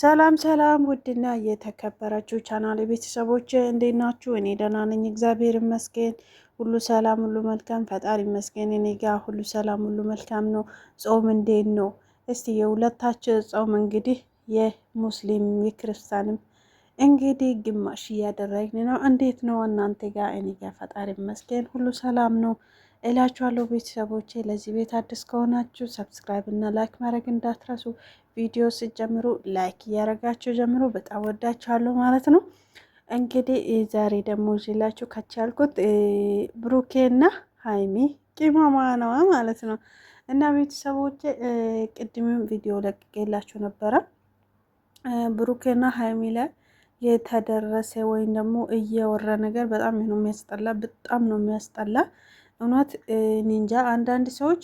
ሰላም ሰላም ውድና የተከበራችሁ ቻናል ቤተሰቦች እንዴት ናችሁ? እኔ ደህና ነኝ፣ እግዚአብሔር ይመስገን። ሁሉ ሰላም፣ ሁሉ መልካም፣ ፈጣሪ ይመስገን። እኔ ጋር ሁሉ ሰላም፣ ሁሉ መልካም ነው። ጾም እንዴት ነው? እስቲ የሁለታችን ጾም እንግዲህ የሙስሊም የክርስቲያንም እንግዲህ ግማሽ እያደረግን ነው። እንዴት ነው እናንተ ጋር? እኔ ጋር ፈጣሪ ይመስገን ሁሉ ሰላም ነው። እላችኋለሁ ቤተሰቦቼ። ለዚህ ቤት አዲስ ከሆናችሁ ሰብስክራይብ እና ላይክ ማድረግ እንዳትረሱ። ቪዲዮ ስጀምሩ ላይክ እያደረጋችሁ ጀምሩ። በጣም ወዳችኋለሁ ማለት ነው። እንግዲህ ዛሬ ደግሞ ይዤላችሁ ከች ያልኩት ብሩኬና ሀይሚ ቂማማ ነዋ ማለት ነው። እና ቤተሰቦቼ ቅድምም ቪዲዮ ለቅቄላችሁ ነበረ ብሩኬና ሀይሚ ላይ የተደረሰ ወይም ደግሞ እየወራ ነገር በጣም ነው የሚያስጠላ፣ በጣም ነው የሚያስጠላ። እውነት ኒንጃ አንዳንድ ሰዎች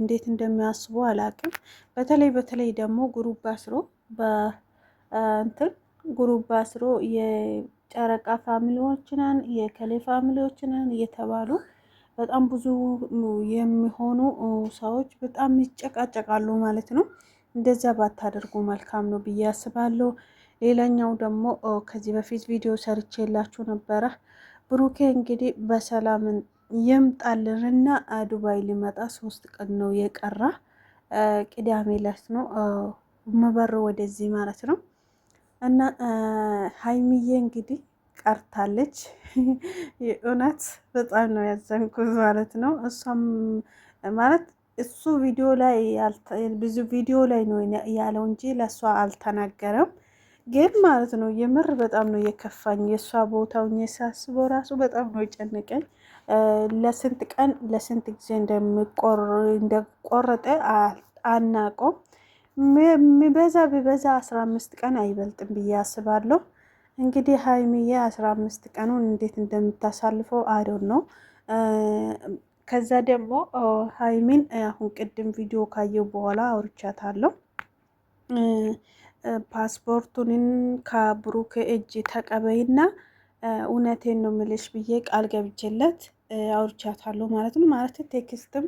እንዴት እንደሚያስቡ አላቅም። በተለይ በተለይ ደግሞ ጉሩብ አስሮ በእንትን ጉሩብ አስሮ የጨረቃ ፋሚሊዎችንን የከሌ ፋሚሊዎችንን እየተባሉ በጣም ብዙ የሚሆኑ ሰዎች በጣም ይጨቃጨቃሉ ማለት ነው። እንደዛ ባታደርጉ መልካም ነው ብዬ አስባለሁ። ሌላኛው ደግሞ ከዚህ በፊት ቪዲዮ ሰርቼላችሁ ነበረ ብሩኬ እንግዲህ በሰላም የምጣልንና ዱባይ ሊመጣ ሶስት ቀን ነው የቀራ። ቅዳሜ ዕለት ነው መበር ወደዚህ ማለት ነው። እና ሀይሚዬ እንግዲህ ቀርታለች። እውነት በጣም ነው ያዘንኩት ማለት ነው። እሷም ማለት እሱ ቪዲዮ ላይ ብዙ ቪዲዮ ላይ ነው ያለው እንጂ ለእሷ አልተናገረም። ግን ማለት ነው የምር በጣም ነው የከፋኝ። የእሷ ቦታውን የሳስበው ራሱ በጣም ነው የጨነቀኝ። ለስንት ቀን ለስንት ጊዜ እንደቆረጠ አናቆም። ሚበዛ ቢበዛ አስራ አምስት ቀን አይበልጥም ብዬ አስባለሁ። እንግዲህ ሀይሚዬ አስራ አምስት ቀኑን እንዴት እንደምታሳልፈው አይዶን ነው። ከዛ ደግሞ ሀይሚን አሁን ቅድም ቪዲዮ ካየው በኋላ አውርቻታለሁ ፓስፖርቱንን ከብሩክ እጅ ተቀበይና እውነቴን ነው ምልሽ ብዬ ቃል ገብቼለት አውርቻታለሁ ማለት ነው። ማለት ቴክስትም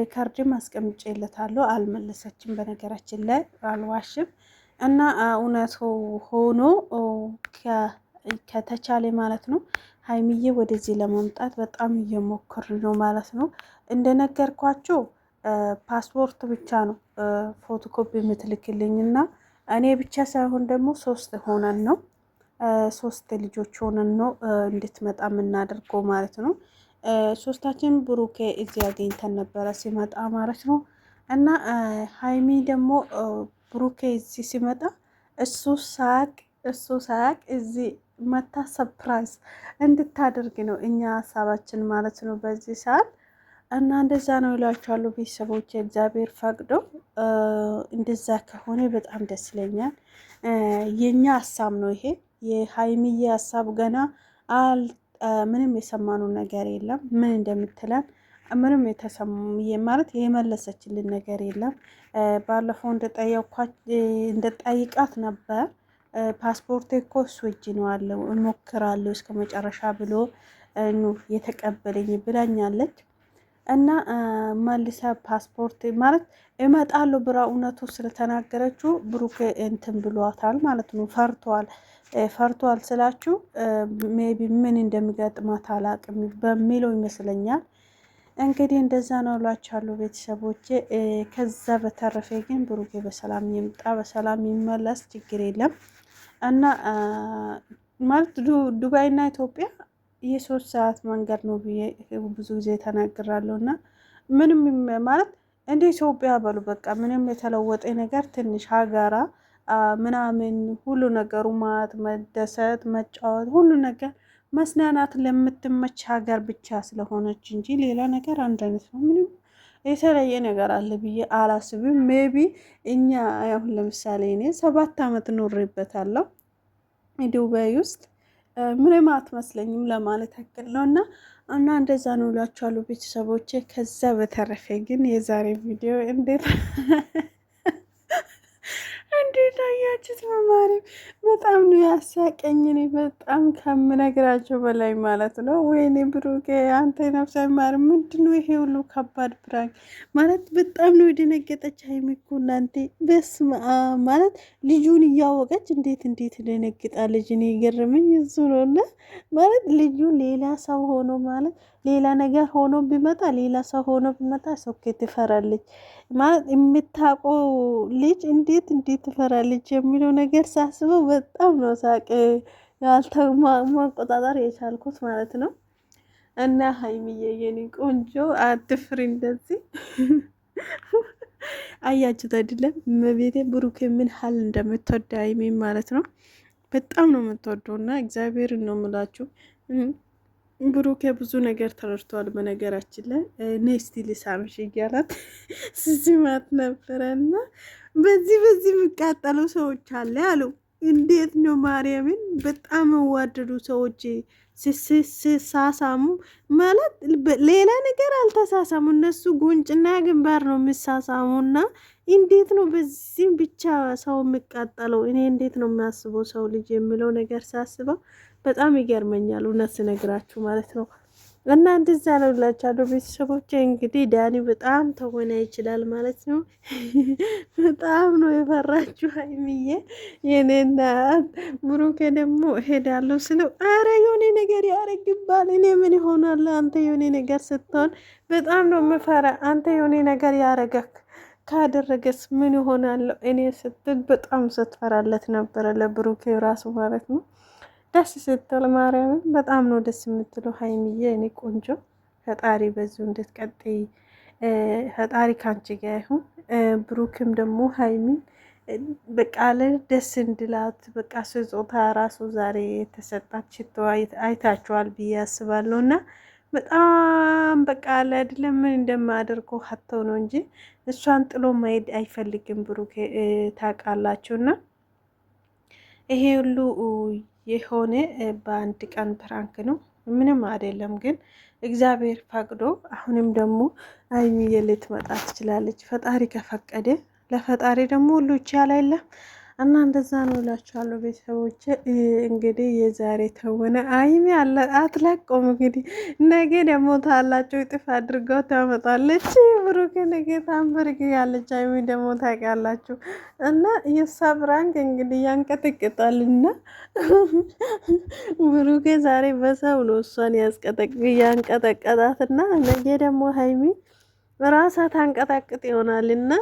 ሪካርድም አስቀምጬለታለሁ። አልመለሰችም፣ በነገራችን ላይ አልዋሽም። እና እውነቱ ሆኖ ከተቻለ ማለት ነው ሀይሚዬ ወደዚህ ለመምጣት በጣም እየሞከር ነው ማለት ነው። እንደነገርኳቸው ፓስፖርት ብቻ ነው ፎቶኮፒ የምትልክልኝ እና እኔ ብቻ ሳይሆን ደግሞ ሶስት ሆነን ነው ሶስት ልጆች ሆነን ነው እንድትመጣ የምናደርገው ማለት ነው። ሶስታችን ብሩኬ እዚህ አገኝተን ነበረ ሲመጣ ማለት ነው። እና ሀይሚ ደግሞ ብሩኬ እዚህ ሲመጣ እሱ ሳያቅ እሱ ሳያቅ እዚህ መታ ሰፕራይዝ እንድታደርግ ነው እኛ ሀሳባችን ማለት ነው በዚህ ሰዓት እና እንደዛ ነው ይሏቸዋሉ ቤተሰቦች እግዚአብሔር ፈቅዶ እንደዛ ከሆነ በጣም ደስ ይለኛል። የኛ ሀሳብ ነው ይሄ። የሀይሚዬ ሀሳብ ገና ምንም የሰማነው ነገር የለም። ምን እንደምትለን ምንም ማለት የመለሰችልን ነገር የለም። ባለፈው እንደጠይቃት ነበር ፓስፖርት እኮ እሱ እጅ ነው አለው እሞክራለሁ እስከ መጨረሻ ብሎ የተቀበለኝ ብላኛለች። እና መልሰ ፓስፖርት ማለት እመጣለሁ ብራ እውነቱ ስለተናገረችው ብሩክ እንትን ብሏታል ማለት ነው። ፈርቷል። ፈርቷል ስላችሁ ሜቢ ምን እንደሚገጥማት አላቅም በሚለው ይመስለኛል። እንግዲህ እንደዛ ነው ሏቻሉ ቤተሰቦቼ። ከዛ በተረፈ ግን ብሩኬ በሰላም ይምጣ፣ በሰላም ይመለስ፣ ችግር የለም እና ማለት ዱባይና ኢትዮጵያ የሶስት ሰዓት መንገድ ነው ብዬ ብዙ ጊዜ ተናግራለሁ። እና ምንም ማለት እንደ ኢትዮጵያ በሉ በቃ ምንም የተለወጠ ነገር ትንሽ ሀገራ ምናምን ሁሉ ነገሩ ማት መደሰት፣ መጫወት፣ ሁሉ ነገር መስናናት ለምትመች ሀገር ብቻ ስለሆነች እንጂ ሌላ ነገር አንድ አይነት ነው። ምንም የተለየ ነገር አለ ብዬ አላስብም። ሜቢ እኛ አሁን ለምሳሌ እኔ ሰባት አመት ኖሬበታለሁ ዱባይ ውስጥ ምንም አትመስለኝም ለማለት ያክል ነው እና እና እንደዛ ነው እላችኋለሁ ቤተሰቦቼ። ከዛ በተረፈ ግን የዛሬ ቪዲዮ እንዴት እንዴት አያችሁት? በማርያም በጣም ነው ያሳቀኝ። እኔ በጣም ከምነግራቸው በላይ ማለት ነው። ወይኔ ብሩኬ አንተ ነፍሳ ማር ምንድነው ይሄ ሁሉ ከባድ ፕራንክ ማለት በጣም ነው የደነገጠች ሀይሚ እኮ እናንተ። በስመ አብ ማለት ልጁን እያወቀች እንዴት እንዴት ደነግጣለች። እኔ ገረመኝ እሱ ነው እና ማለት ልጁ ሌላ ሰው ሆኖ ማለት ሌላ ነገር ሆኖ ቢመጣ ሌላ ሰው ሆኖ ቢመጣ ሶኬ ትፈራለች። የምታውቀው ልጅ እንዴት እንዴት ትፈራለች የሚለው ነገር ሳስበው በጣም ነው ሳቅ ያልተመቆጣጠር የቻልኩት ማለት ነው። እና ሀይሚዬ የኔ ቆንጆ አትፍሪ እንደዚህ አያችሁት አይደለም? መቤቴ ብሩኬ ምን ሀል እንደምትወድ ሀይሚን ማለት ነው። በጣም ነው የምትወደው እና እግዚአብሔር ነው ምላችሁ ብሩኬ ብዙ ነገር ተረድቷል። በነገራችን ላይ ኔስቲ ልሳምሽ እያላት ስስማት ነበረና በዚህ በዚህ የሚቃጠሉ ሰዎች አለ አሉ። እንዴት ነው ማርያምን በጣም የዋደዱ ሰዎች ሳሳሙ ማለት ሌላ ነገር አልተሳሳሙ። እነሱ ጉንጭና ግንባር ነው እና እንዴት ነው በዚህም ብቻ ሰው የሚቃጠለው? እኔ እንዴት ነው የሚያስበው ሰው ልጅ የሚለው ነገር ሳስበው በጣም ይገርመኛል እውነት ስነግራችሁ ማለት ነው። እና እንደዛ ነው እላችኋለሁ ቤተሰቦቼ። እንግዲህ ዳኒ በጣም ተሆነ ይችላል ማለት ነው። በጣም ነው የፈራችሁ ሀይሚዬ የኔና ብሩኬ ደግሞ ሄዳለሁ ስለው አረ የሆነ ነገር ያረግባል። እኔ ምን ይሆናል አንተ የሆነ ነገር ስትሆን በጣም ነው የምፈራ። አንተ የሆነ ነገር ያረገክ ካደረገስ ምን ይሆናለሁ እኔ ስትል በጣም ስትፈራለት ነበረ ለብሩኬ ራሱ ማለት ነው። ደስ ስትል ማርያምን በጣም ነው ደስ የምትለው ሀይሚዬ፣ እኔ ቆንጆ ፈጣሪ በዚሁ እንድትቀጥይ ፈጣሪ ካንቺ ጋ ይሁን። ብሩክም ደግሞ ሀይሚ በቃ ደስ እንድላት በቃ ስጦታ ራሱ ዛሬ የተሰጣት ሽቶ አይታችኋል ብዬ አስባለሁ። እና በጣም በቃ ለድለ ምን ሀተው ነው እንጂ እሷን ጥሎ ማሄድ አይፈልግም ብሩክ ታውቃላችሁ። እና ይሄ ሁሉ የሆነ በአንድ ቀን ፕራንክ ነው፣ ምንም አይደለም። ግን እግዚአብሔር ፈቅዶ አሁንም ደግሞ ሀይሚዬ ልትመጣ ትችላለች፣ ፈጣሪ ከፈቀደ። ለፈጣሪ ደግሞ ሁሉ ይቻላል። እና እንደዛ ነው እላችኋለሁ ቤተሰቦች። እንግዲህ የዛሬ ተወነ አይሚ አትለቀውም። እንግዲህ ነገ ደግሞ ታላቸው እጥፍ አድርገው ታመጣለች። ብሩክ ነገ ታንበርግ ያለች አይሚ ደግሞ ታውቃላችሁ። እና የሳ ብራንክ እንግዲህ ያንቀጠቅጣል እና ብሩኬ ዛሬ በሰው ነው እሷን ያንቀጠቀጣትና ነገ ደግሞ ሀይሚ ራሳ ታንቀጣቅጥ ይሆናል እና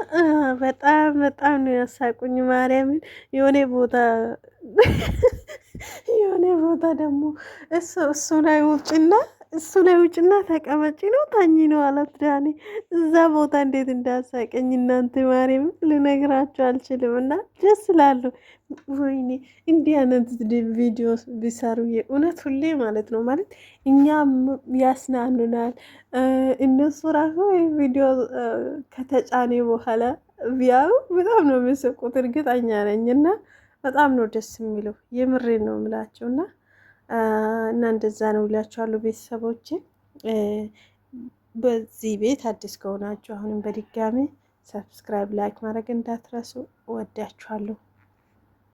በጣም በጣም ነው ያሳቁኝ። ማርያምን የሆነ ቦታ የሆነ ቦታ ደግሞ እሱ እሱ ላይ ውጭና እሱ ላይ ውጭና ተቀመጪ ነው ታኝ ነው አላት ዳኔ። እዛ ቦታ እንዴት እንዳሳቀኝ እናንተ ማርያም ልነግራቸው አልችልም። እና ደስ ላሉ ወይኔ እንዲህ አይነት ቪዲዮ ቢሰሩ እውነት ሁሌ ማለት ነው ማለት እኛ ያስናኑናል። እነሱ ራሱ ቪዲዮ ከተጫኔ በኋላ ቢያዩ በጣም ነው የሚስቁት እርግጠኛ ነኝ። እና በጣም ነው ደስ የሚለው የምሬ ነው የምላቸው እና እና እንደዛ ነው እላችኋለሁ ቤተሰቦች በዚህ ቤት አዲስ ከሆናችሁ አሁንም በድጋሚ ሰብስክራይብ፣ ላይክ ማድረግ እንዳትረሱ። ወዳችኋለሁ